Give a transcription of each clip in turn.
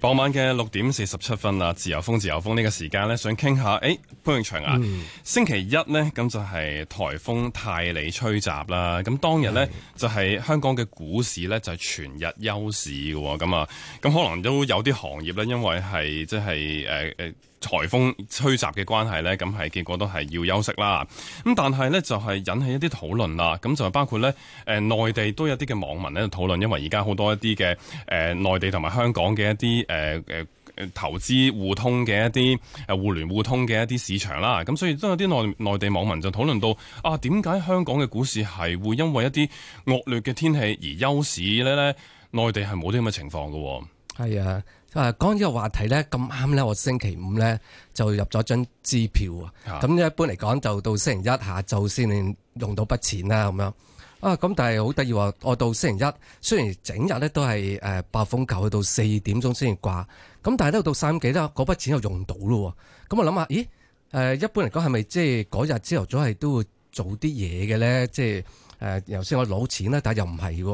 傍晚嘅六點四十七分啦，自由風自由風呢個時間咧，想傾下，誒、欸、潘永祥啊，嗯、星期一呢，咁就係颱風泰利吹襲啦，咁當日呢，嗯、就係香港嘅股市呢，就係、是、全日休市嘅喎，咁啊，咁可能都有啲行業呢，因為係即係誒誒。就是呃呃颱風吹襲嘅關係呢，咁係結果都係要休息啦。咁但係呢，就係引起一啲討論啦。咁就包括呢，誒內地都有啲嘅網民呢討論，因為而家好多一啲嘅誒內地同埋香港嘅一啲誒誒投資互通嘅一啲誒互聯互通嘅一啲市場啦。咁所以都有啲內內地網民就討論到啊，點解香港嘅股市係會因為一啲惡劣嘅天氣而休市呢？呢內地係冇啲咁嘅情況㗎。係啊。啊，講呢個話題咧，咁啱咧，我星期五咧就入咗張支票啊。咁一般嚟講，就到星期一下晝先用到筆錢啦，咁樣。啊，咁但係好得意喎，我到星期一，雖然整日咧都係誒暴風球去到四點鐘先至掛。咁但係都到三點幾咧，嗰筆錢又用到咯。咁、嗯、我諗下，咦？誒，一般嚟講係咪即係嗰日朝頭早係都會做啲嘢嘅咧？即係。誒，由先、呃、我攞錢啦，但係又唔係喎，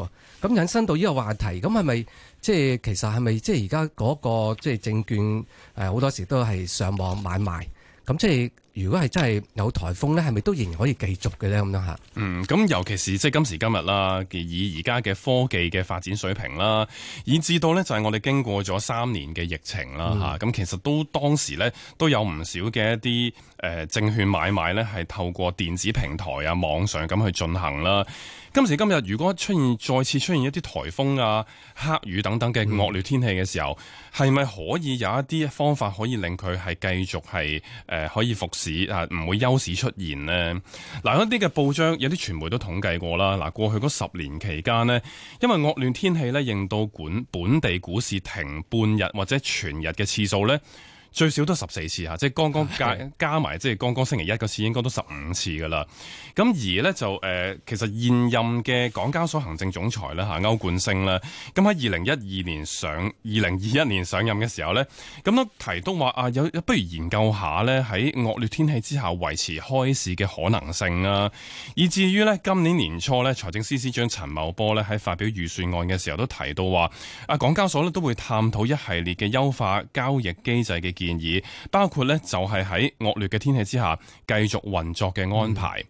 咁、嗯、引申到呢個話題，咁係咪即係其實係咪即係而家嗰個即係證券誒好、呃、多時都係上網買賣，咁、嗯、即係。如果係真係有颱風呢係咪都仍然可以繼續嘅呢？咁樣吓，嗯，咁尤其是即係今時今日啦，以而家嘅科技嘅發展水平啦，以至到呢，就係我哋經過咗三年嘅疫情啦嚇。咁、嗯、其實都當時呢，都有唔少嘅一啲誒、呃、證券買賣呢係透過電子平台啊、網上咁去進行啦。今時今日如果出現再次出現一啲颱風啊、黑雨等等嘅惡劣天氣嘅時候，係咪、嗯、可以有一啲方法可以令佢係繼續係誒、呃、可以復？啊，唔會休市出現呢。嗱，一啲嘅報章、有啲傳媒都統計過啦。嗱，過去嗰十年期間呢，因為惡劣天氣呢，令到管本地股市停半日或者全日嘅次數呢。最少都十四次吓，即係剛剛加加埋，即係剛剛星期一嗰次，應該都十五次噶啦。咁而咧就誒、呃、其實現任嘅港交所行政總裁咧吓歐冠升啦，咁喺二零一二年上二零二一年上任嘅時候咧，咁、啊、都提到話啊，有不如研究下咧喺惡劣天氣之下維持開市嘅可能性啦，啊。以至於咧今年年初咧，財政司司長陳茂波咧喺發表預算案嘅時候都提到話啊港交所咧都會探討一系列嘅優化交易機制嘅建。建議包括呢，就係喺惡劣嘅天氣之下繼續運作嘅安排。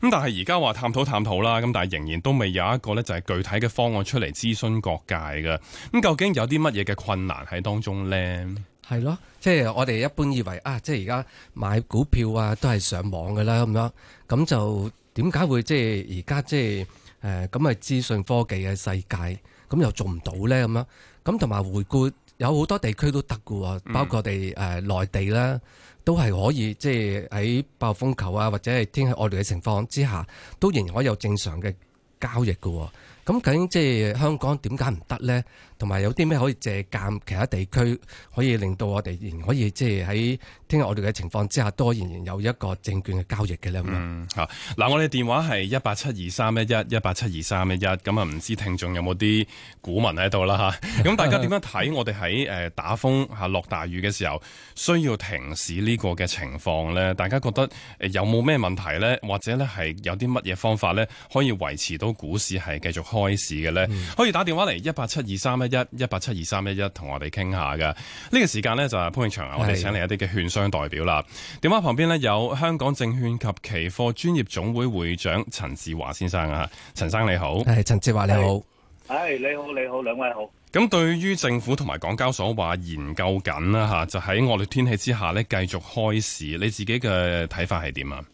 咁、嗯、但係而家話探討探討啦，咁但係仍然都未有一個呢，就係具體嘅方案出嚟諮詢各界嘅。咁究竟有啲乜嘢嘅困難喺當中呢？係咯，即係我哋一般以為啊，即係而家買股票啊都係上網噶啦咁樣，咁就點解會即係而家即係誒咁係資訊科技嘅世界咁又做唔到呢？咁樣，咁同埋回顧。有好多地區都得㗎，包括我哋誒內地啦，嗯、都係可以即係喺暴風球啊或者係天氣惡劣嘅情況之下，都仍然可以有正常嘅交易㗎。咁究竟即係香港點解唔得咧？同埋有啲咩可以借鑒其他地區可以令到我哋仍然可以即係喺聽日我哋嘅情況之下，多然然有一個證券嘅交易嘅咧咁嗯，嗱，我哋電話係一八七二三一一一八七二三一一，咁啊唔知聽眾有冇啲股民喺度啦吓，咁大家點樣睇我哋喺誒打風吓落大雨嘅時候需要停市呢個嘅情況咧？大家覺得誒有冇咩問題咧？或者咧係有啲乜嘢方法咧可以維持到股市係繼續，開市嘅呢，嗯、可以打電話嚟一八七二三一一一八七二三一一，同我哋傾下噶。呢個時間呢，就係潘永祥啊，我哋請嚟一啲嘅券商代表啦。的電話旁邊呢，有香港證券及期貨專業總會會長陳志華先生啊，陳生你好，係陳志華你好，唉你好你好兩位好。咁對於政府同埋港交所話研究緊啦吓，就喺惡劣天氣之下呢，繼續開市，你自己嘅睇法係點啊？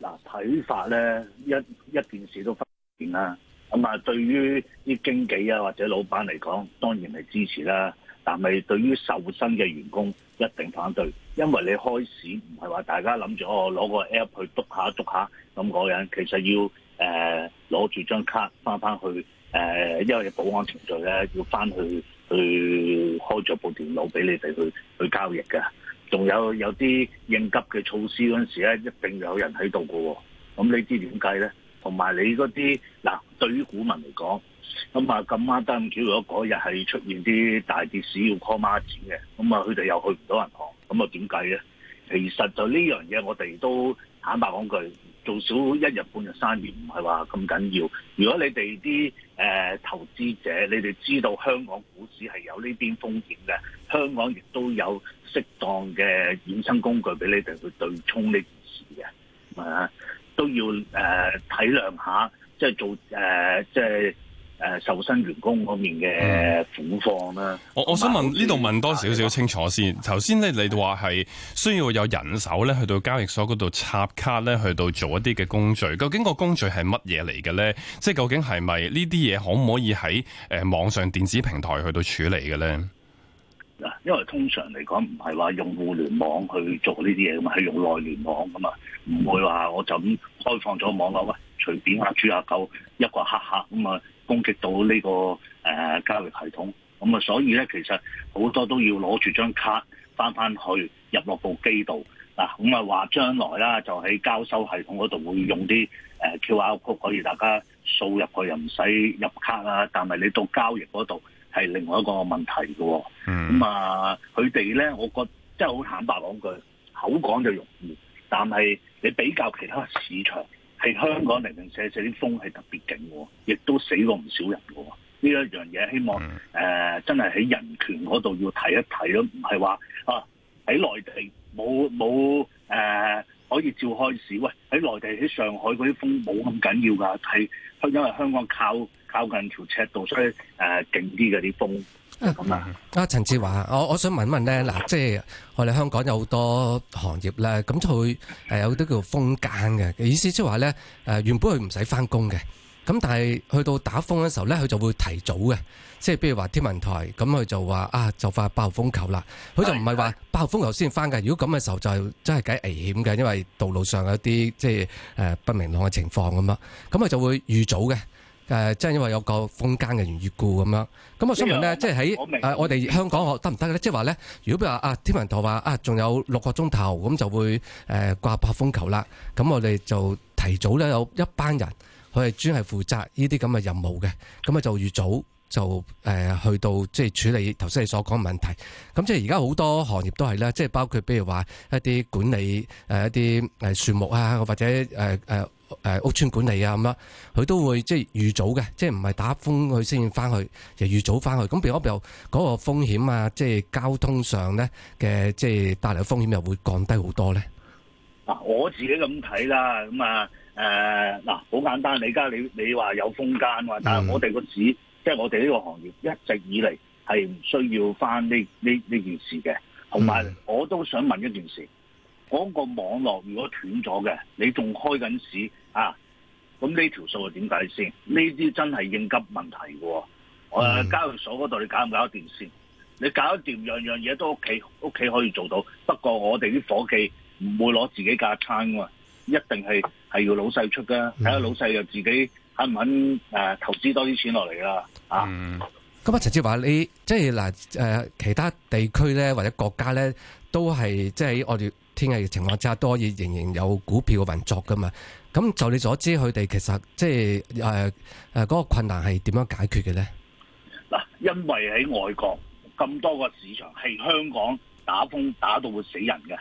嗱，睇法呢，一一件事都發現啦。咁啊，對於啲經紀啊或者老闆嚟講，當然係支持啦。但係對於受薪嘅員工，一定反對，因為你開市唔係話大家諗住哦攞個 app 去篤下篤下咁嗰樣。那個、人其實要誒攞住張卡翻翻去誒、呃，因為保安程序咧，要翻去去開咗部電腦俾你哋去去交易嘅。仲有有啲應急嘅措施嗰陣時咧，一定有人喺度噶。咁你知點計咧？同埋你嗰啲嗱，對於股民嚟講，咁啊咁啱得咁巧咗，嗰日係出現啲大跌市要 call 孖展嘅，咁啊佢哋又去唔到銀行，咁啊點計咧？其實就呢樣嘢，我哋都坦白講句，做少一日半日三日唔係話咁緊要。如果你哋啲誒投資者，你哋知道香港股市係有呢邊風險嘅，香港亦都有適當嘅衍生工具俾你哋去對沖呢件事嘅，係啊。都要誒、呃、體諒下，即係做誒、呃、即係誒、呃、受薪員工嗰邊嘅苦況啦。我、嗯、有我想問呢度有問多少,少少清楚先。頭先咧，你哋話係需要有人手咧，去到交易所嗰度插卡咧，去到做一啲嘅工序。究竟個工序係乜嘢嚟嘅咧？即係究竟係咪呢啲嘢可唔可以喺誒、呃、網上電子平台去到處理嘅咧？因為通常嚟講唔係話用互聯網去做呢啲嘢嘛，係用內聯網噶嘛，唔會話我就咁開放咗個網絡。喂隨便啊，豬啊狗，一個黑客咁啊攻擊到呢個誒交易系統，咁啊所以咧其實好多都要攞住張卡翻翻去入落部機度嗱，咁啊話將來啦就喺交收系統嗰度會用啲誒 QR code 可以大家掃入去，又唔使入卡啊，但係你到交易嗰度。係另外一個問題嘅喎。哦，咁、嗯、啊，佢哋咧，我覺得真係好坦白講句，口講就容易，但係你比較其他市場，喺香港零零舍舍啲風係特別勁，亦都死過唔少人嘅喎，呢一樣嘢希望誒、嗯呃、真係喺人權嗰度要睇一睇咯，唔係話啊喺內地冇冇誒。可以照開市喂！喺內地喺上海嗰啲風冇咁緊要㗎，係因為香港靠靠近條赤道，所以誒勁啲嘅啲風咁啊！阿、啊、陳志華，我我想問一問咧，嗱、啊，即係我哋香港有好多行業咧，咁佢誒有啲叫風間嘅意思，即係話咧誒原本佢唔使返工嘅。咁但係去到打風嘅時候咧，佢就會提早嘅，即係譬如話天文台咁，佢就話啊，就發八號風球啦。佢就唔係話八號風球先翻嘅。如果咁嘅時候就是、真係幾危險嘅，因為道路上有啲即係誒不明朗嘅情況咁啊。咁啊就會預早嘅誒，即、呃、係、就是、因為有個風間嘅緣緣故咁樣。咁我想問咧即係喺我哋、呃、香港我得唔得嘅咧？即係話咧，如果譬如話啊天文台話啊，仲有六個鐘頭咁就會誒掛八號風球啦。咁我哋就提早咧有一班人。佢係專係負責呢啲咁嘅任務嘅，咁啊就預早就誒、呃、去到即係處理頭先你所講嘅問題。咁即係而家好多行業都係啦，即係包括譬如話一啲管理誒、呃、一啲誒樹木啊，或者誒誒誒屋村管理啊咁啦，佢都會即係預早嘅，即係唔係打風佢先翻去，就預早翻去。咁變咗又嗰個風險啊，即係交通上咧嘅即係帶來風險又會降低好多咧。嗱、啊，我自己咁睇啦，咁啊誒嗱。呃好簡單，你而家你你話有空間嘛？但係我哋個市，mm hmm. 即係我哋呢個行業一直以嚟係唔需要翻呢呢呢件事嘅。同埋，我都想問一件事：嗰、嗰個網絡如果斷咗嘅，你仲開緊市啊？咁呢條數係點計先？呢啲真係應急問題嘅。Mm hmm. 我喺交易所嗰度，你搞唔搞得掂先？你搞得掂，樣樣嘢都屋企屋企可以做到。不過我哋啲伙計唔會攞自己架撐噶嘛。一定係係要老細出噶，睇下、嗯、老細又自己肯唔肯誒投資多啲錢落嚟啦。嗯、啊，咁啊、嗯，陳志華，你即係嗱誒，其他地區咧或者國家咧，都係即係我哋天氣嘅情況之下，都可以仍然有股票嘅運作噶嘛。咁就你所知，佢哋其實即係誒誒嗰個困難係點樣解決嘅咧？嗱，因為喺外國咁多個市場，係香港打風打到會死人嘅，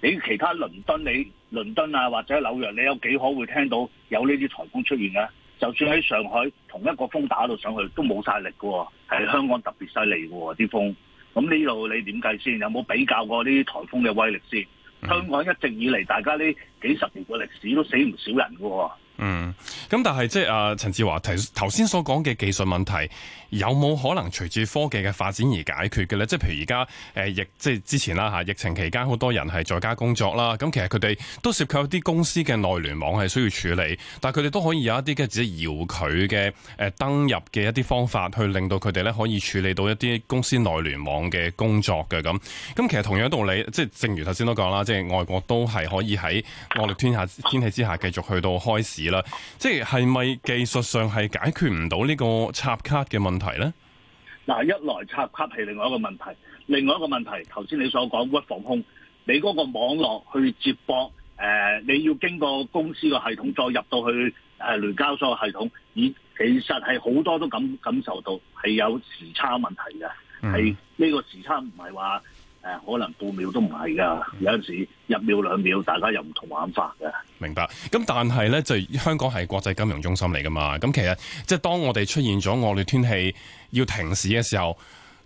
你其他倫敦你。倫敦啊，或者紐約，你有幾可會聽到有呢啲颱風出現咧？就算喺上海，同一個風打到上去都冇晒力㗎喎，係香港特別犀利㗎喎啲風。咁呢度你點計先？有冇比較過啲颱風嘅威力先？嗯、香港一直以嚟，大家呢幾十年嘅歷史都死唔少人㗎喎。嗯，咁但係即係啊，陳、呃、志華提頭先所講嘅技術問題，有冇可能隨住科技嘅發展而解決嘅咧？即係譬如而家誒疫，即係之前啦吓、啊、疫情期間好多人係在家工作啦，咁、啊、其實佢哋都涉及一啲公司嘅內聯網係需要處理，但係佢哋都可以有一啲嘅自己遙距嘅誒登入嘅一啲方法，去令到佢哋咧可以處理到一啲公司內聯網嘅工作嘅咁。咁、啊嗯、其實同樣道理，即係正如頭先都講啦，即係外國都係可以喺惡劣天下天氣之下繼續去到開市。啦，即係係咪技術上係解決唔到呢個插卡嘅問題呢？嗱，一來插卡係另外一個問題，另外一個問題，頭先你所講 w 防空，你嗰個網絡去接駁，誒、呃，你要經過公司嘅系統再入到去誒聯、呃、交所嘅系統，咦其實係好多都感感受到係有時差問題嘅，係呢、嗯這個時差唔係話。誒，可能半秒都唔係噶，有陣時一秒兩秒，大家又唔同玩法噶明白。咁但係呢，就香港係國際金融中心嚟噶嘛？咁其實即係當我哋出現咗惡劣天氣要停市嘅時候，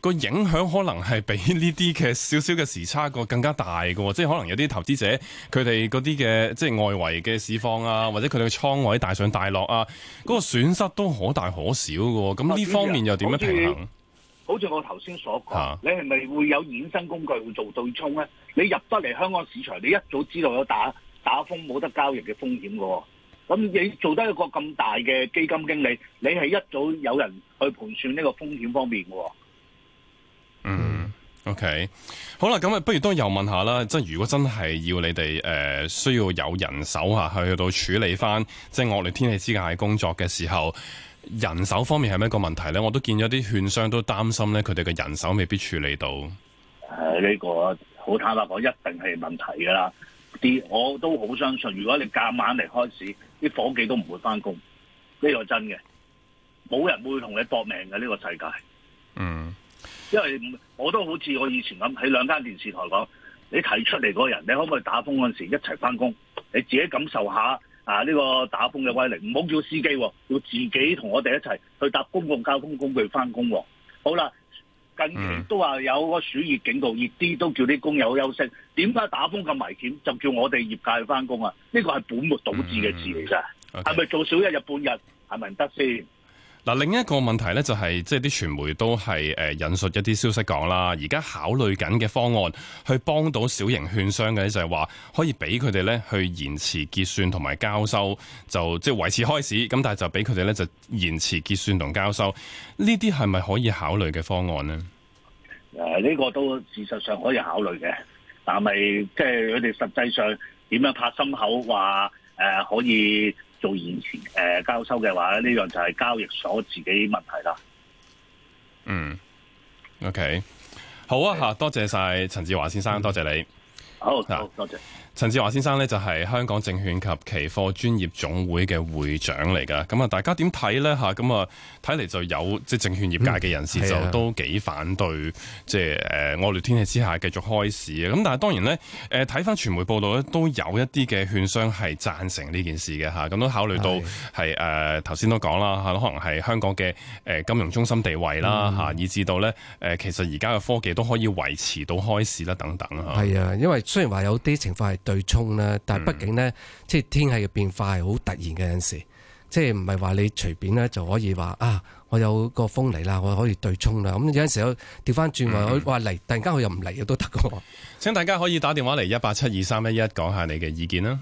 個影響可能係比呢啲嘅少少嘅時差個更加大噶、啊。即係可能有啲投資者佢哋嗰啲嘅即係外圍嘅市況啊，或者佢哋嘅倉位大上大落啊，嗰個損失都可大可小噶咁呢方面又點樣平衡？啊啊啊好似我頭先所講，你係咪會有衍生工具會做對沖咧？你入得嚟香港市場，你一早知道有打打風冇得交易嘅風險嘅、哦，咁你做得一個咁大嘅基金經理，你係一早有人去盤算呢個風險方面嘅、哦。嗯，OK，好啦，咁啊，不如都又問下啦，即係如果真係要你哋誒、呃、需要有人手吓去到處理翻即係惡劣天氣之下嘅工作嘅時候。人手方面係咪一個問題呢？我都見咗啲券商都擔心呢，佢哋嘅人手未必處理到、呢個。誒，呢個好坦白講，一定係問題噶啦。啲我都好相信，如果你夾硬嚟開市，啲伙計都唔會翻工。呢、呢個真嘅，冇人會同你搏命嘅呢、呢個世界。嗯，因為我都好似我以前咁喺兩間電視台講，你提出嚟嗰人，你可唔可以打風嗰陣時一齊翻工？你自己感受下。啊！呢個打風嘅威力，唔好叫司機喎，要自己同我哋一齊去搭公共交通工具翻工喎。好啦，近期都話有個暑熱警告，熱啲都叫啲工友休息。點解打風咁危險，就叫我哋業界去翻工啊？呢個係本末倒置嘅事嚟㗎，係咪、嗯、做少一日半日係咪唔得先？是不是不嗱，另一個問題呢、就是，就係即係啲傳媒都係誒引述一啲消息講啦。而家考慮緊嘅方案，去幫到小型券商嘅，就係話可以俾佢哋咧去延遲結算同埋交收，就即係維持開市。咁但係就俾佢哋咧就延遲結算同交收，呢啲係咪可以考慮嘅方案呢？誒、呃，呢、這個都事實上可以考慮嘅，但係即係佢哋實際上點樣拍心口話誒、呃、可以？做延遲，誒、呃、交收嘅話咧，呢樣就係交易所自己問題啦。嗯，OK，好啊吓，的多謝晒陳志華先生，嗯、多謝你。好好，啊、好，多謝。陳志華先生呢，就係香港證券及期貨專業總會嘅會長嚟㗎，咁啊大家點睇呢？吓，咁啊睇嚟就有即係證券業界嘅人士、嗯啊、就都幾反對，即係誒惡劣天氣之下繼續開市啊！咁但係當然呢，誒睇翻傳媒報道呢都有一啲嘅券商係贊成呢件事嘅吓，咁、啊、都考慮到係誒頭先都講啦嚇，可能係香港嘅誒金融中心地位啦吓、嗯啊，以至到呢，誒、呃、其實而家嘅科技都可以維持到開市啦等等嚇。係啊，啊，因為雖然話有啲情況係，對沖啦，但係畢竟呢，即係、嗯、天氣嘅變化係好突然嘅，有陣時，即係唔係話你隨便呢，就可以話啊，我有個風嚟啦，我可以對沖啦。咁有陣時有調翻轉話，我話嚟，突然間我又唔嚟都得㗎喎。請大家可以打電話嚟一八七二三一一講下你嘅意見啦。